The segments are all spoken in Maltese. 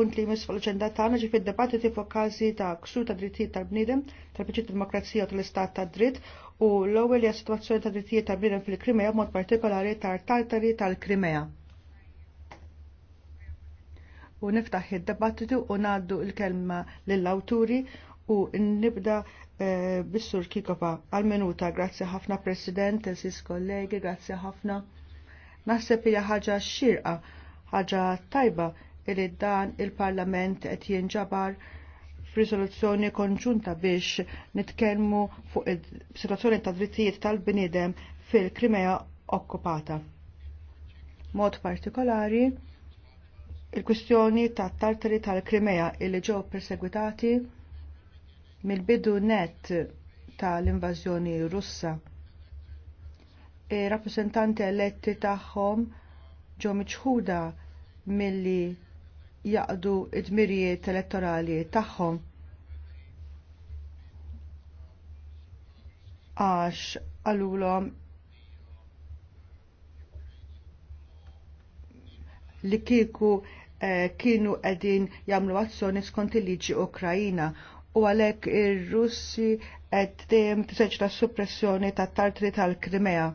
punt li jmiss fil ġenda tagħna ġifi d-dibattiti f'okkażi ta' ksur ta' drittijiet tal-bniedem tal-Priċit Demokrazija u tal-Istat ta' dritt u l-ewwel hija sitwazzjoni ta' drittijiet tal-bniedem fil-Krimea b'mod partikolari tal-Tartari tal-Krimea. U niftaħ id debattitu u ngħaddu l-kelma lill-awturi u nibda eh, bis-sur Kikopa għal-minuta. Grazzi ħafna President, il-sis kollegi, grazzi ħafna. Naħseb hija ħaġa xirqa, ħaġa tajba Illi dan il-Parlament qed jinġabar f'risoluzzjoni konġunta biex nitkellmu fuq is-sitwazzjoni ta' drittijiet tal-bniedem fil-Krimea okkupata. Mod partikolari, il-kwistjoni ta' tartari tal-Krimea illi ġew persegwitati mill-bidu net tal-invażjoni Russa. E rappresentanti eletti tagħhom ġew miċħuda milli jaqdu id-mirijiet elettorali tagħhom għax għalulhom li kieku eh, kienu qegħdin jagħmlu azzjoni skont il-liġi Ukrajina u għalhekk ir-Russi qed dejjem tiseġġla suppressjoni tat-tartri tal-Krimea.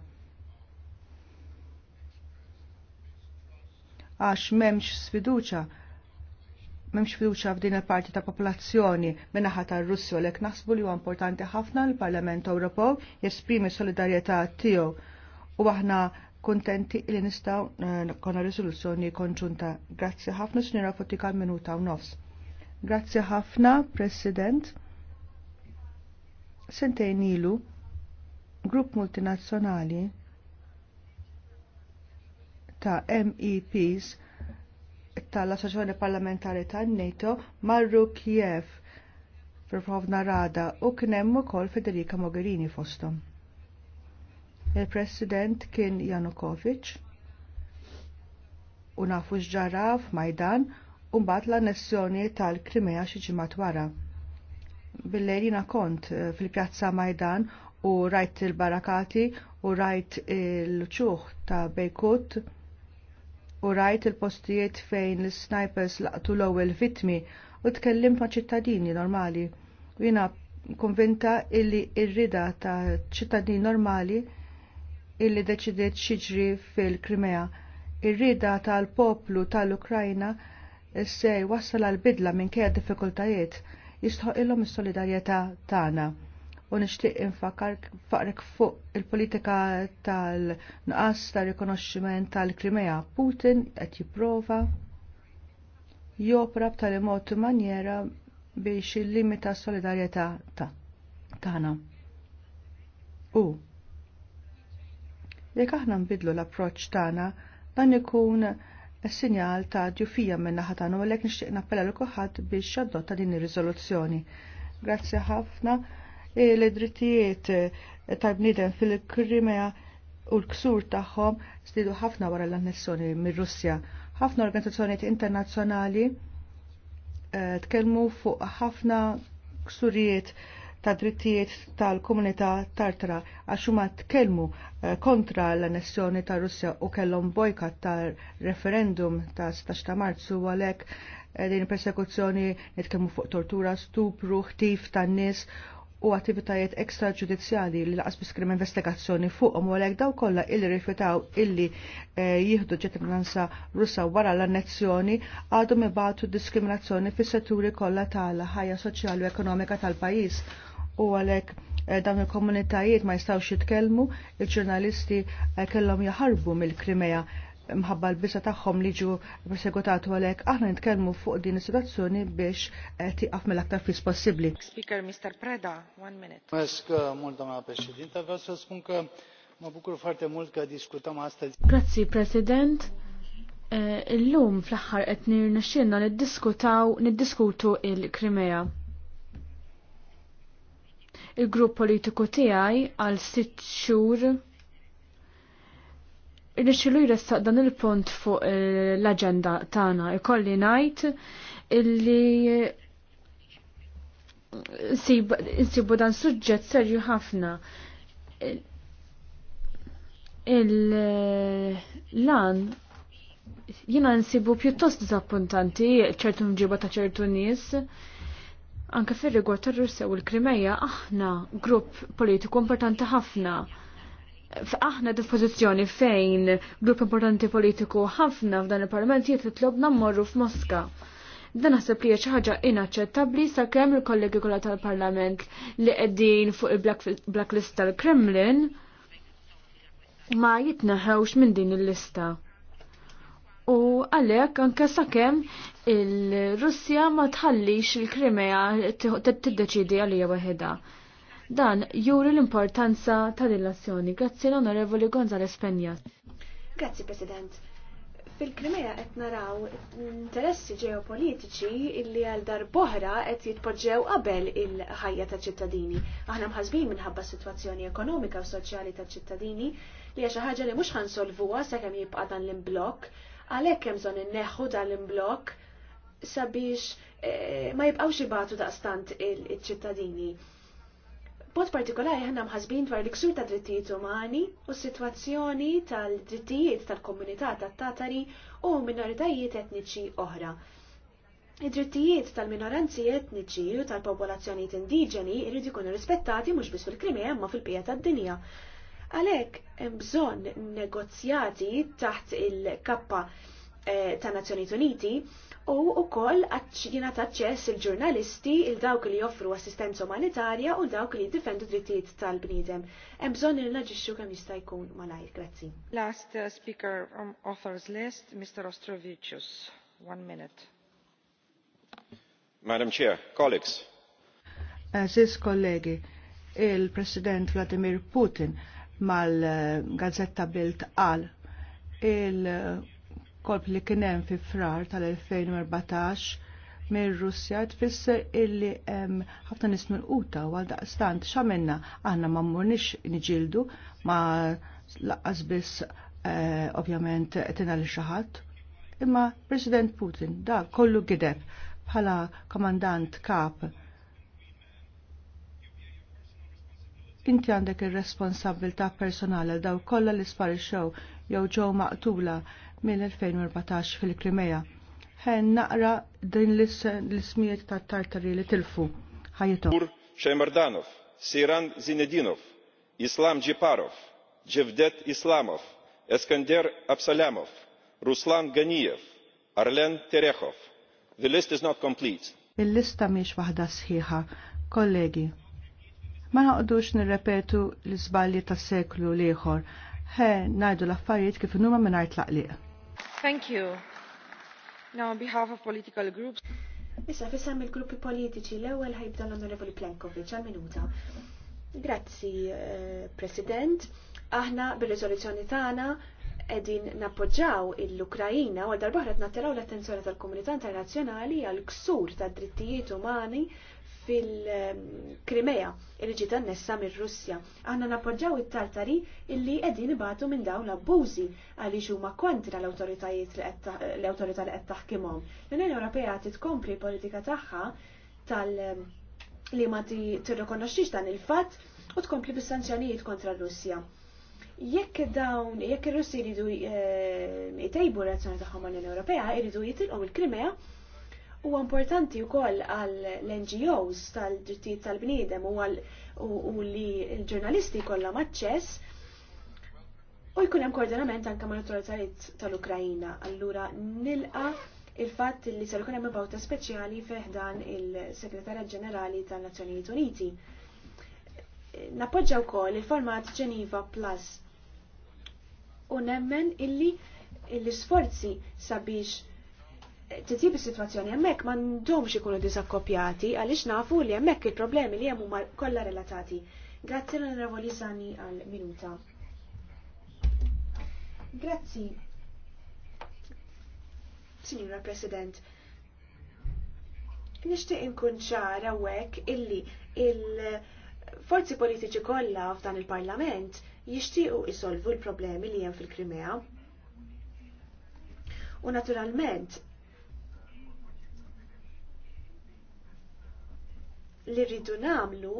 Għax m'hemmx sfiduċa memx fiduċa f'din il-parti ta' popolazzjoni minnaħa ta' Russi u lek naħsbu li huwa importanti ħafna l-Parlament Ewropew jesprimi solidarjetà tiegħu u aħna kontenti li nistgħu eh, konna riżoluzzjoni konġunta. Grazzi ħafna x'nira fotika minuta u nofs. Grazzi ħafna, President. Sentejn ilu, grupp multinazzjonali ta' MEPs tal-Assoċjoni Parlamentari tan-NATO marru Kiev fil Rada u kien hemm ukoll Federica Mogherini fosthom. Il-President kien Janukovic u nafu x'ġara f'Majdan u mbagħad l-annessjoni tal-Krimea xi ġimgħat wara. Billejlina kont eh, fil-Pjazza Majdan u rajt il-barakati u rajt il-ċuħ ta' Bejkut u rajt il-postijiet fejn l-snipers laqtu l-ewwel vitmi u tkellim ma' ċittadini normali. U jina konvinta illi ir-rida ta' ċittadini normali illi deċidiet xiġri fil-Krimea. Ir-rida tal-poplu tal-Ukrajna se wassal għal bidla minn kejja diffikultajiet jistħoq illum is-solidarjetà tagħna. Ta u nixtieq infakar faqrek fuq il-politika tal-nqas tal-rikonoxximent tal-Krimea. Putin qed jipprova jopra b'tali mod manjera biex il-limita solidarjetà tagħna. U jekk aħna nbidlu l-approċċ tagħna dan ikun sinjal ta' ġufija minna naħa tagħna u għalhekk nixtieq nappella l kulħadd biex jadotta din ir-riżoluzzjoni. Grazzi ħafna l-drittijiet eh, tal-bniedem fil-Krimea u l-ksur tagħhom stidu ħafna wara l-annessjoni mir-Russja. Ħafna organizzazzjonijiet internazzjonali eh, tkellmu fuq ħafna ksurijiet ta' drittijiet tal-komunità tartra għax huma tkellmu eh, kontra l-annessjoni ta' Russja u kellhom bojkat tal referendum ta' 16 ta' Marzu għalhekk din persekuzzjoni nitkellmu fuq tortura, stupru, ħtif tan nies u attivitajiet ekstraġudizzjali li laqas biskrim investigazzjoni fuqhom u għalhekk daw kollha illi rifjutaw illi eh, jieħdu ċittadinanza Russa wara l-annezzjoni għadhom ibatu diskriminazzjoni fis-setturi kollha tal-ħajja soċjali u ekonomika tal-pajjiż u għalhekk eh, dawn il-komunitajiet ma jistgħux jitkellmu, il-ġurnalisti eh, kellhom jaħarbu mill-Krimea mħabba l-bisa tagħhom li ġu persegutatu għalhekk aħna nitkellmu fuq din is-situazzjoni biex eh, tiqaf mill-aktar fis possibbli. Speaker Mr. Preda, one minute. Mesk eh, mult doamna președintă, għas spun că mă bucur foarte mult că discutăm astăzi. Grazzi President. Eh, illum fl-aħħar qed nirnexxielna niddiskutaw niddiskutu il-Krimea. Il-grupp politiku tiegħi għal sitt xhur Nixilu jressaq dan il-punt fuq eh, l-agenda tagħna ikolli ngħid illi nsibu dan suġġett serju ħafna. Il-lan jina nsibu pjuttost disappuntanti ċertu mġiba ta' ċertu nies. Anka fir-rigward tar-Russja u l-Krimeja aħna grupp politiku importanti ħafna aħna dispożizzjoni fejn grupp importanti politiku ħafna f'dan il-Parlament jitlob nammorru f'Moska. Dan naħseb li xi ħaġa inaċċettabbli sakemm il-kollegi kollha tal-Parlament li qegħdin fuq il-blacklist tal-Kremlin ma jitneħewx minn din il-lista. U għalhekk anke sakemm il-Russja ma tħallix il-Krimea tiddeċidi għalija waħedha. Dan juri l-importanza ta' din l-azzjoni. Grazzi l-Onorevoli Gonzales Penja. Grazzi President. Fil-Krimea qed naraw interessi ġeopolitiċi illi għal boħra qed jitpoġġew qabel il-ħajja ta' ċittadini. Aħna mħasbin minħabba s-sitwazzjoni ekonomika u soċjali ta' ċittadini li hija xi ħaġa li mhux ħansolvuha sakemm jibqa' dan l-imblokk, għalhekk hemm bżonn inneħħu dan l imblok sabiex eh, ma jibqgħux ibatu daqstant il-ċittadini. il ċittadini Bot partikolari ħanna mħasbin dwar l-iksur ta' drittijiet umani u s-sitwazzjoni tal-drittijiet tal-komunità tat-Tatari u minoritajiet etniċi oħra. Id-drittijiet tal-minoranzi etniċi u tal-popolazzjonijiet indiġeni jridu ikunu rispettati mhux biss fil-Krimea imma fil-pija tad-dinja. Għalhekk hemm bżonn negozjati taħt il-kappa Eh, ta' Nazzjonijiet Uniti u wkoll ta' aċċess il-ġurnalisti il dawk li joffru assistenza umanitarja u dawk li jiddifendu drittijiet tal-bniedem. Hemm bżonn li naġixxu kemm jista' jkun malajr. Grazzi. Last uh, speaker on authors list, Mr. Ostrovicius. One minute. Madam Chair, colleagues. Aziz eh, kollegi, il-President Vladimir Putin mal-Gazzetta eh, Bild qal il kolb li kienem fi frar tal-2014 mir russja tfisser illi ħafna nis mill-quta għalda stant xamenna aħna ma mmurnix nġildu ma laqqas biss eh, ovjament tina li xaħat imma President Putin da kollu gideb bħala komandant kap inti għandek ir-responsabilta personali daw kollha li sparixxew jew ġew maqtula mill-2014 fil-Krimeja. Ħen naqra din l-ismijiet ta' tartari li tilfu. Ħajitom. Nur Shemerdanov, Siran Zinedinov, Islam Djiparov, Jevdet Islamov, Eskender Absalamov, Ruslan Ganiyev, Arlen Terekhov. The list is not complete. Il-lista miex wahda sħiħa, kollegi. Ma naqdux nirrepetu l-izbalji ta' seklu liħor. He, najdu l-affarijiet kif numa minn art laqliq. Thank you. Now on behalf of political groups. Issa fissam il-gruppi politiċi l-ewwel ħajbda l-Onorevoli Plenkovic għal-minuta. Grazzi, eh, President. Aħna bil-riżoluzzjoni tagħna qegħdin nappoġġaw l-Ukrajina u għal darbaħra nateraw l-attenzjoni tal-komunità internazzjonali għal ksur tad drittijiet umani fil-Krimea li ġiet annessa mir-Russja. Aħna nappoġġaw it-Tartari illi qegħdin ibatu minn dawn l-abbużi għaliex huma kontra l-awtoritajiet l-awtorità li qed taħkimhom. L-Unjoni Ewropea titkompli politika tagħha tal- li ma tirrikonoxxix dan il-fatt u tkompli bis-sanzjonijiet kontra l russja Jekk dawn, jekk ir-Russi jridu eh, jitejbu l reazzjoni tagħhom mal-Unjoni Ewropea, jridu jitilqhom il-Krimea u importanti wkoll għal l-NGOs tal-drittijiet tal-bniedem u għal u li l-ġurnalisti kollha maċċess u jkun hemm koordinament anke mal-autoritajiet tal-Ukrajina. Allura nilqa il-fatt li se jkun hemm bawta speċjali dan il-Segretarja Ġenerali tan-Nazzjonijiet Uniti. Nappoġġa wkoll il-format Geneva Plus u nemmen illi l-isforzi sabiex titjib is-sitwazzjoni hemmhekk m'għandhomx ikunu disakkopjati għaliex nafu li hemmhekk il-problemi li hemm huma kollha relatati. Grazzi l-Onorevoli Sani għal minuta. Grazzi. Signora President, nixtieq inkun ċara hawnhekk illi il-forzi politiċi kollha f'dan il-Parlament jixtiequ isolvu l-problemi li hemm fil-Krimea. U naturalment li rridu namlu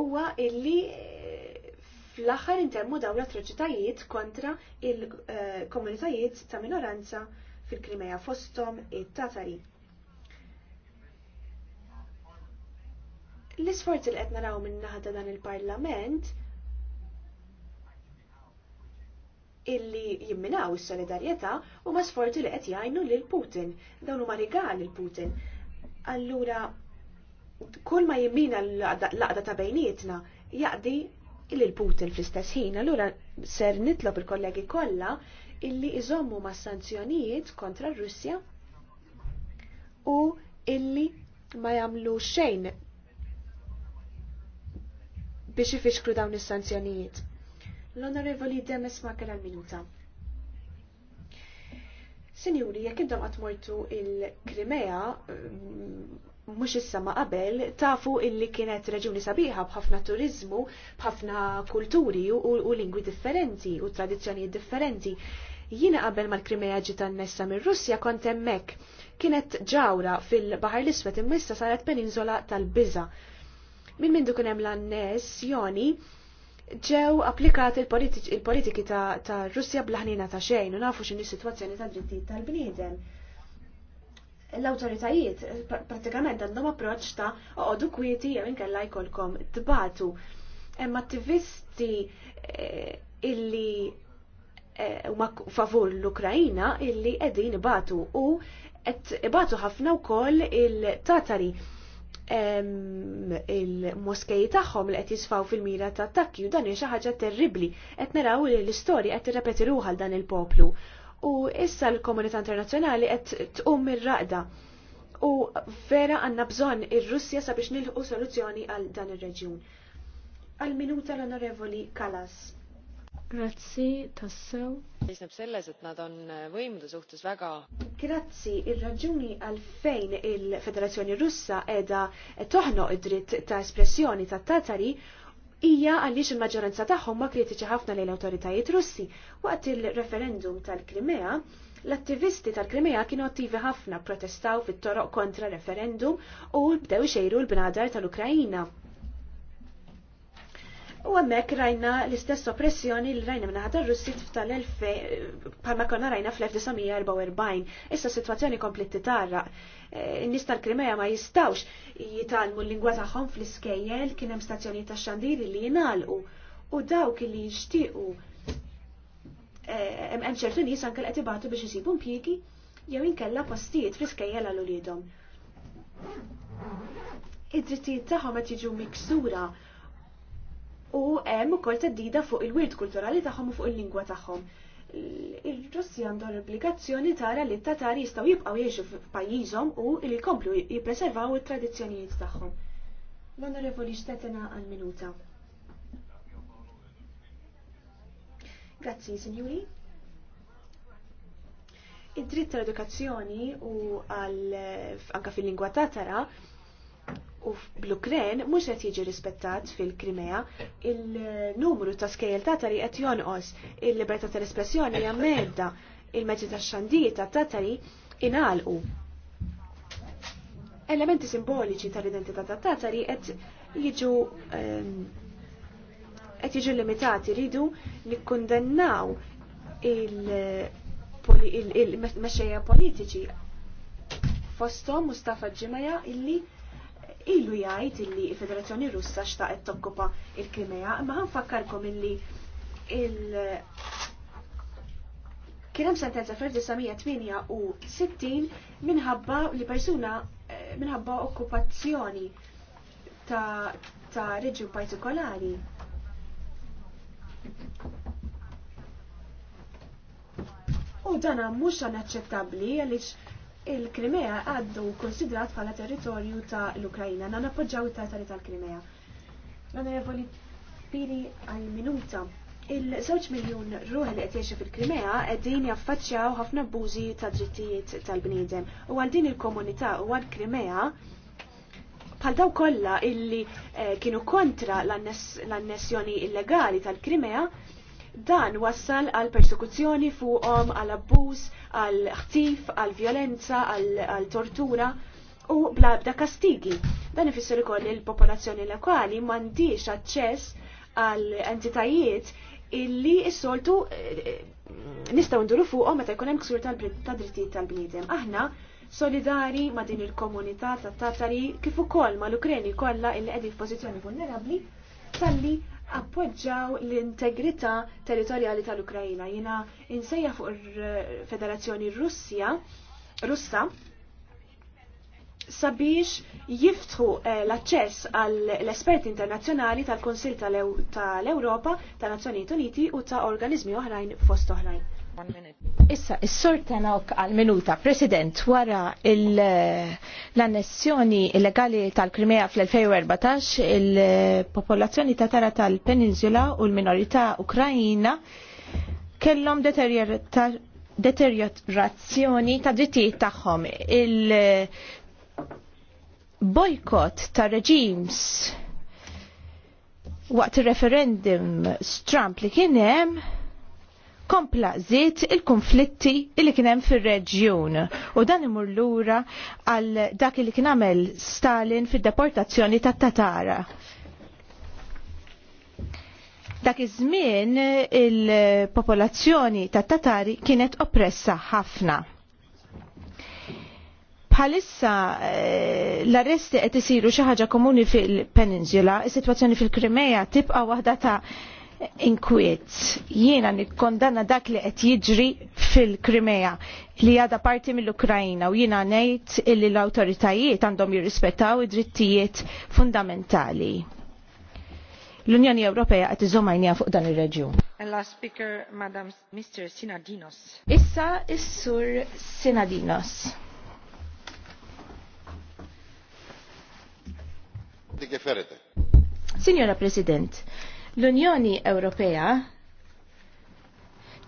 huwa illi eh, fl-aħħar intemmu dawn l-atroċitajiet kontra il-komunitajiet ta' minoranza fil-Krimeja fostom it-Tatari. L-isforzi li qed naraw minn naħda dan il-Parlament illi jimminaw is-solidarjetà huma sforzi li qed jgħinu lil Putin. Dawn huma rigal il Putin. Allura, kull ma jimmina l-laqda ta' bejnietna, jaqdi il-Putin fl-istess ħin. Allura, ser nitlob il-kollegi kollha illi iżommu ma' sanzjonijiet kontra r-Russja u illi ma jagħmlu xejn biex ifixkru dawn is-sanzjonijiet. L-Onorevoli Demes ma kera minuta Sinjuri, jekk intom għatmortu il-Krimea, mux mm, issa ma qabel, tafu illi kienet reġuni sabiħa bħafna turizmu, bħafna kulturi u lingwi differenti u tradizjoni differenti. Jina qabel mal-Krimea ġita nessa minn Russja kont hemmhekk. Kienet ġawra fil-Baħar l-Iswed immissa saret peninzola tal biza Min mindu kien hemm l-annessjoni, ġew applikati il-politiki ta', Russja blaħnina ta' xejn u nafu x'inhi situazzjoni ta' drittijiet tal-bniedem. L-awtoritajiet prattikament għandhom approċċ ta' oqogħdu kwieti jew inkella jkollkom tbatu. Hemm attivisti eh, illi eh, huma favur l-Ukrajina illi qegħdin ibatu u qed ibatu ħafna wkoll il-Tatari il-moskej tagħhom li qed jisfaw fil-mira ta' attakki u dan hija xi ħaġa terribbli qed naraw li l-istorja qed tirrepeti ruħha għal dan il-poplu. U issa l-komunità internazzjonali qed tqum ir-raqda. U vera għandna bżonn ir-Russja sabiex nilħu soluzzjoni għal dan ir-reġjun. Għal minuta l-Onorevoli Kalas. Grazzi, tassew. Seisneb selles, et nad on äh, võimude suhtes väga. Grazzi, il-raġuni għalfejn il-Federazzjoni Russa edha toħno id-dritt ta' espressjoni ta' Tatari hija għaliex il-maġġoranza tagħhom ma kritiċi ħafna l awtoritajiet Russi. Waqt il-referendum tal-Krimea, l-attivisti tal-Krimea kienu attivi ħafna protestaw fit-toroq kontra referendum u bdew xejru l-bnadar tal-Ukrajina U għemmek rajna l-istess oppressjoni li rajna minna ħadar russi tal 2000 palma konna rajna fl-1944. Issa situazzjoni kompletti tarra. E, n-nis krimeja ma jistawx jitalmu l-lingwa tagħhom fl-iskejjel kien hemm stazzjoni ta' xandiri li jingħalqu u dawk li jixtiequ e, hemm ċertu nies anke qed ibatu biex isibu mpjiegi jew inkella postijiet fl-iskejjel għal uliedhom. Id-drittijiet tagħhom qed jiġu miksura u hemm ukoll teddida fuq il-wirt kulturali tagħhom u fuq il-lingwa tagħhom. il russi għandhom l-obbligazzjoni tara li t-Tatari jistgħu jibqgħu jgħixu f'pajjiżhom u li jkomplu jippreservaw it-tradizzjonijiet tagħhom. L-Onorevoli Stetena għal minuta. Grazzi, signori. Id-dritt tal-edukazzjoni u għal anka fil-lingwa tatara u bl f'Blukren mhux qed jiġi rispettat fil-Krimea il-numru ta' skejjel tatari qed jonqos il-libertà tal-espressjoni hija medda il-mezzi tax-xandir ta' tatari inalqu. Elementi simboliċi tal-identità ta' tatari qed jiġu qed jiġu limitati ridu nikkundennaw il-mexxejja politiċi fostom Mustafa Ġimaja illi ilu jgħid illi il-Federazzjoni Russa xtaqet tokkupa il-Krimea, imma fakkarkom illi il- Kien hemm sentenza fl-1968 minħabba li persuna eh, minħabba okkupazzjoni ta', ta reġjun partikolari. U dan mhux anaċċettabbli għaliex il-Krimea għaddu konsidrat bħala territorju ta' l-Ukrajna, na nappoġġaw it-tatari tal-Krimea. L-Onorevoli Piri għal-minuta. Il-żewġ miljon ruħ li qed fil-Krimea qegħdin jaffaċċjaw ħafna abbużi ta' drittijiet tal bnidem U għal din il-komunità u għal Krimea bħal daw kolla illi eh, kienu kontra l-annessjoni illegali tal-Krimea Dan wassal għal persekuzzjoni fuqhom, għal abbuż, għal ħtif, għal violenza, għal tortura u bla kastigi. Dan ifisser ukoll il-popolazzjoni lokali m'għandix aċċess għal entitajiet illi s-soltu eh, nistgħu nduru fuqhom meta jkun hemm ksur ta' drittijiet tal-bniedem. Aħna solidari ma' din il-komunità tat-Tatari kif ukoll mal-Ukreni kollha illi qegħdin f'pożizzjoni vulnerabbli talli appoġġaw l-integrità territorjali tal-Ukrajina. Jina insejja fuq il-Federazzjoni Russja, Russa, sabiex jiftħu eh, l-aċċess għall-esperti internazzjonali tal-Konsil tal-Europa, tal-Nazzjonijiet Uniti u ta' organizmi oħrajn fost oħrajn. Issa, is-sur Tanok għal-minuta, President, wara l-annessjoni illegali tal-Krimea fl-2014, il-popolazzjoni tatara tal-Peninsula u l-minorità Ukrajina kellhom deteriorazzjoni ta' drittijiet tagħhom. Il-bojkot ta' reġims waqt il-referendum Trump li kien hemm kompla żied il-konflitti li kien hemm fir-reġjun u dan imur lura għal dak li kien għamel Stalin fid-deportazzjoni tat-Tatara dak iż-żmien il-popolazzjoni tat-Tatari kienet oppressa ħafna. Bħalissa eh, l-arresti qed isiru xi ħaġa komuni fil-Peninsula, is-sitwazzjoni fil-Krimeja tibqa' waħda ta' inkwiet. Jiena nikkondanna dak li qed jiġri fil-Krimea li għada parti mill ukrajina u jiena ngħid illi l-awtoritajiet għandhom jirrispettaw id-drittijiet fundamentali. L-Unjoni Ewropea qed iżomm għajnija fuq dan ir-reġjun. Issa is-Sur Sinadinos. Signora President, L-Unjoni Ewropea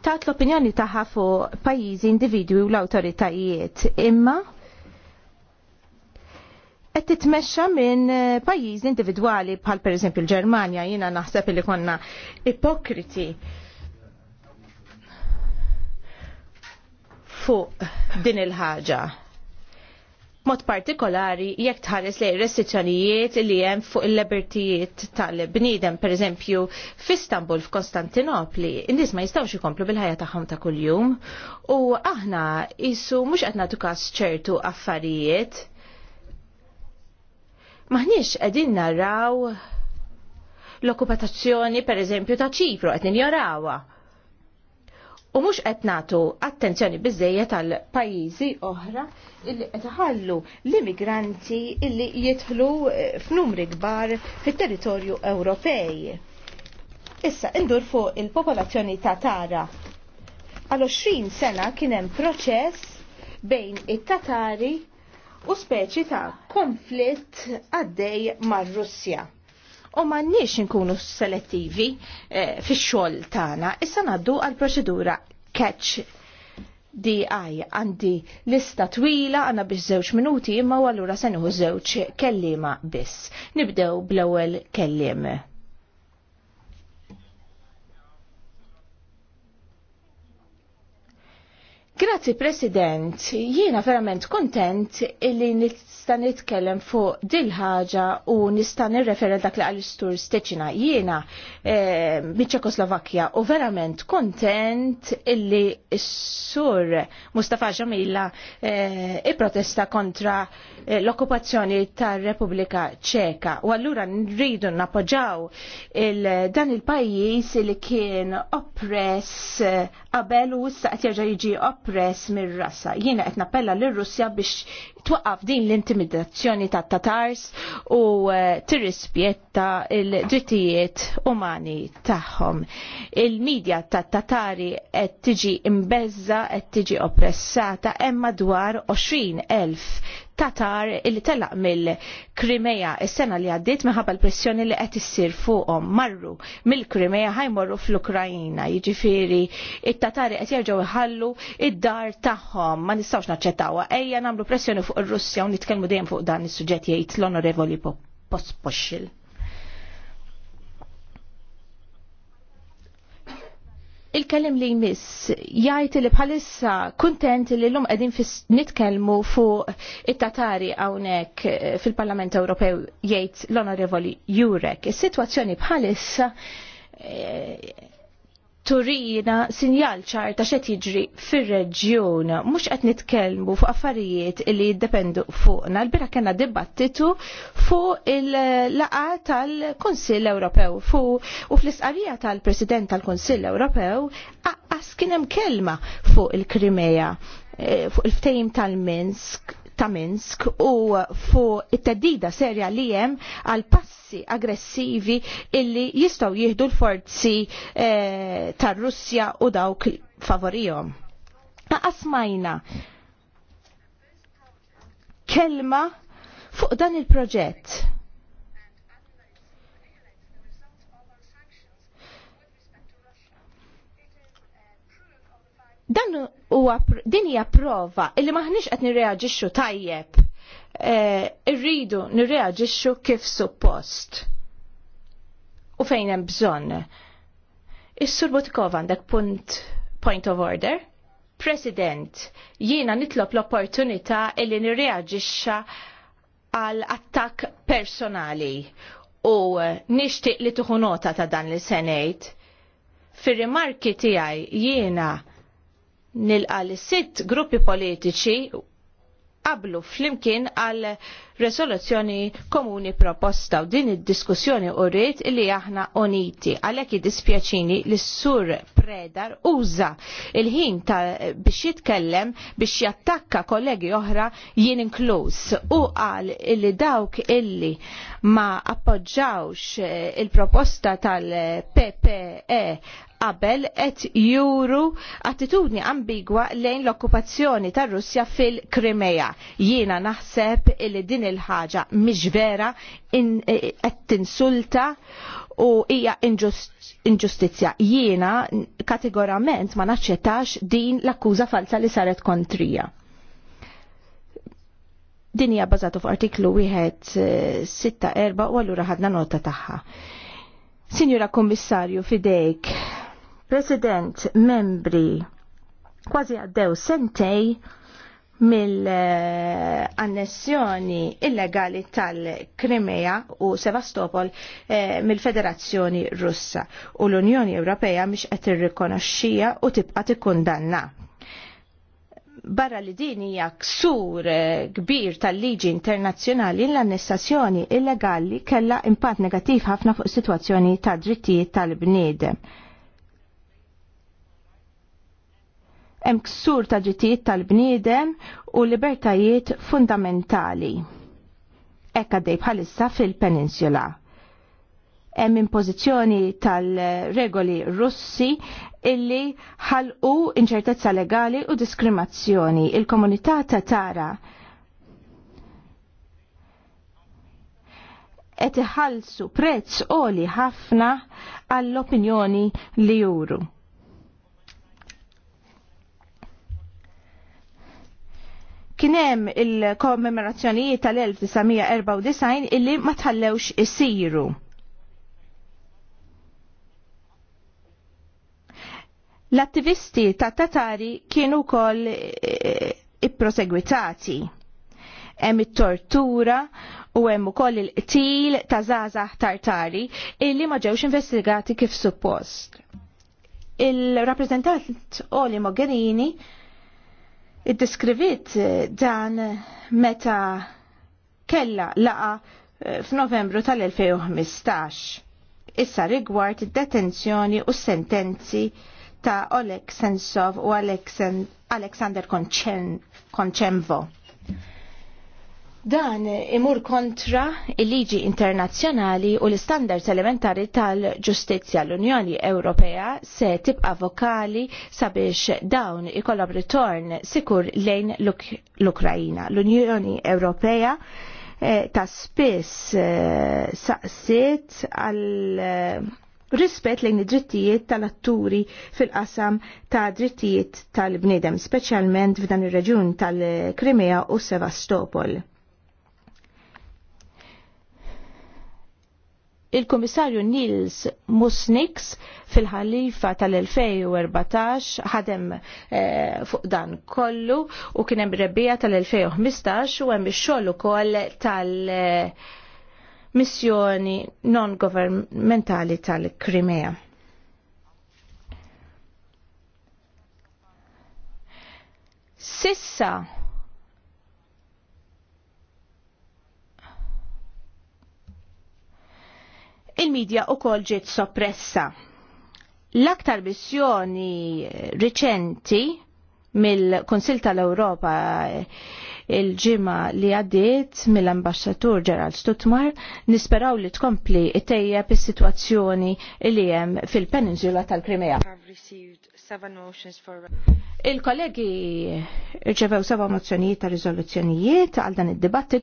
tat l-opinjoni ta fuq pajjiżi individwi u l-awtoritajiet imma qed titmexxa minn eh, pajjiżi individwali bħal pereżempju l-Ġermanja jiena naħseb li konna ipokriti fuq din il-ħaġa mod partikolari jekk tħares lejn restrizzjonijiet li hemm fuq il-libertijiet tal-bniedem, pereżempju f'Istanbul f'Kostantinopli, in-nies ma jistgħux ikomplu bil-ħajja tagħhom ta' kuljum u aħna isu mhux qed nagħtu każ ċertu affarijiet. Maħniex qegħdin narraw l-okkupazzjoni pereżempju ta' Ċipru qed ninjorawha u mhux qed nagħtu attenzjoni bizzeja għal pajjiżi oħra illi qed l-immigranti illi jidħlu eh, f'numri kbar fit-territorju Ewropej. Issa indur fuq il-popolazzjoni Tatara. Għal 20 sena kien hemm proċess bejn it-Tatari u speċi ta' konflitt għaddej mar-Russja u m'għandniex inkunu selettivi fi eh, fix-xogħol tagħna. Issa ngħaddu għall proċedura catch DI għandi lista twila għanna biex zewċ minuti imma u allura se nieħu żewġ kellima biss. Nibdew bl-ewwel kelliem. Grazzi President, jiena verament kontent illi nista' nitkellem fuq dil ħaġa u nista' nirreferel dak li għal istur steċina. Jiena eh, ċekoslovakkja u verament kontent illi s-sur Mustafa Ġamila eh, i-protesta kontra eh, l-okkupazzjoni tar-Repubblika Ċeka. U allura nridu nappoġaw il dan il-pajjiż li kien oppress eh, qabel u issa qed jerġa' jiġi oppress mir-rassa. Jiena qed nappella lir-Russja biex twaqqaf din l-intimidazzjoni tat-Tatars u eh, tirrispjetta l-drittijiet umani tagħhom. Il-medja tat-Tatari qed tiġi imbezza, qed tiġi oppressata hemm madwar 20,000 tatar illi telaq mill-Krimeja is-sena li għaddiet minħabba l-pressjoni li qed issir fuqhom marru mill-Krimeja ħajmorru fl-Ukrajina, jiġifieri it-Tatari qed jerġgħu iħallu id-dar tagħhom ma nistgħux naċċettawha ejja nagħmlu pressjoni fuq ir-Russja u nitkellmu dejjem fuq dan is-suġġett jgħid l-Onorevoli Pospoxxil. Il-kellim li jmiss jgħid li bħalissa kuntent li l-lum qegħdin nitkellmu fuq it-Tatari hawnhekk eh, fil-Parlament Ewropew jgħid l-Onorevoli Jurek. Is-sitwazzjoni bħalissa eh, turina sinjal ċar ta' xed jiġri fir-reġjun. Mhux qed nitkellmu fuq affarijiet li jiddependu fuqna. L-bira kena dibattitu fuq il-laqa tal-Kunsill Ewropew fuq u fl-isqarija tal-President tal-Kunsill Ewropew għas kien hemm kelma fuq il-Krimeja eh, fuq il-ftejim tal-Minsk ta' Minsk u fuq it-teddida serja li hemm għal passi aggressivi illi jistgħu jieħdu l-forzi eh, tar-Russja u dawk favorihom. Asmajna kelma fuq dan il-proġett Dan huwa din hija prova illi maħniex qed nirreaġixxu tajjeb. E, irridu nirreaġixxu kif suppost. U fejn hemm bżonn. Is-Sur għandek punt point of order. President, jiena nitlob l-opportunità illi nirreaġixxa għal attakk personali u nixtieq li tuħu nota ta' dan li senejt. Fir-rimarki tiegħi jiena nilqa li sitt gruppi politiċi qablu flimkien għal resoluzzjoni komuni proposta u din id-diskussjoni u rrit li aħna uniti. Għalek id-dispjaċini li s-sur predar uża il-ħin biex jitkellem biex jattakka kollegi oħra jien inkluż u qal illi dawk illi ma appoġġawx il-proposta tal-PPE qabel qed juru attitudni ambigwa lejn l-okkupazzjoni tar Russja fil-Krimea. Jiena naħseb li din il-ħaġa mhix vera e, qed tinsulta u hija inġustizzja. Jiena kategorament ma naċċettax din l-akkuża falsa li saret kontrija. Din hija fuq f'artiklu wieħed 6-4 e, u allura ħadna nota tagħha. Sinjura Kommissarju, fidejk, President, membri, kważi għaddew sentej mill-annessjoni illegali tal-Krimea u Sevastopol eh, mill-Federazzjoni Russa u l-Unjoni Ewropea mhix qed irrikonoxxija u tibqa' tikkundanna. Barra li din hija ksur eh, kbir tal-liġi internazzjonali l-annessazzjoni illegali kellha impatt negattiv ħafna fuq is-sitwazzjoni tad drittijiet tal-bniedem. hemm ksur ta' ġitijiet tal-bniedem u libertajiet fundamentali. Ekk għaddej bħalissa fil-peninsula. Hemm impożizzjoni tal-regoli Russi illi ħalqu inċertezza legali u diskriminazzjoni. Il-komunità ta' tara qed iħallsu prezz oli ħafna għall-opinjoni li juru. kienem il-kommemorazzjonijiet tal-1994 illi ma tħallewx isiru. L-attivisti ta' Tatari kienu kol eh, eh, ipprosegwitati. Hemm it-tortura u hemm ukoll il-qtil ta' żgħażagħ Tartari illi ma ġewx investigati kif suppost. Il-rappreżentant Oli Mogherini id-deskrivit eh, dan meta kella laqa eh, f'Novembru tal-2015. Issa rigward id-detenzjoni u sentenzi ta' Oleg Sensov u Alexander Konċenvo. Dan imur kontra il-liġi internazzjonali u l-standards elementari tal-ġustizja l-Unjoni Ewropea se tibqa vokali sabiex dawn ikollhom ritorn sikur lejn l-Ukrajina. L-Unjoni Ewropea eh, ta' spiss saqsit eh, saqsiet għal rispet eh, rispett lejn id-drittijiet tal-atturi fil-qasam ta' drittijiet tal-bnidem, speċjalment f'dan ir-reġjun tal-Krimea u Sevastopol Il-Komissarju Nils Musniks fil-ħalifa tal-2014 ħadem eh, fuq dan kollu u kien hemm rebbija tal-2015 u hemm ix-xogħol ukoll tal- missjoni non-governmentali tal-Krimea. Sissa il-medja u kol ġiet soppressa. L-aktar missjoni riċenti mill-Konsil tal-Europa eh, il-ġimma li għaddiet mill-ambasċatur Gerald Stuttmar nisperaw li tkompli it-tejja situazzjoni li hemm fil-peninsula tal-Krimea. Il-kollegi rċevew seba mozzjonijiet ta' riżoluzzjonijiet għal dan id-dibattit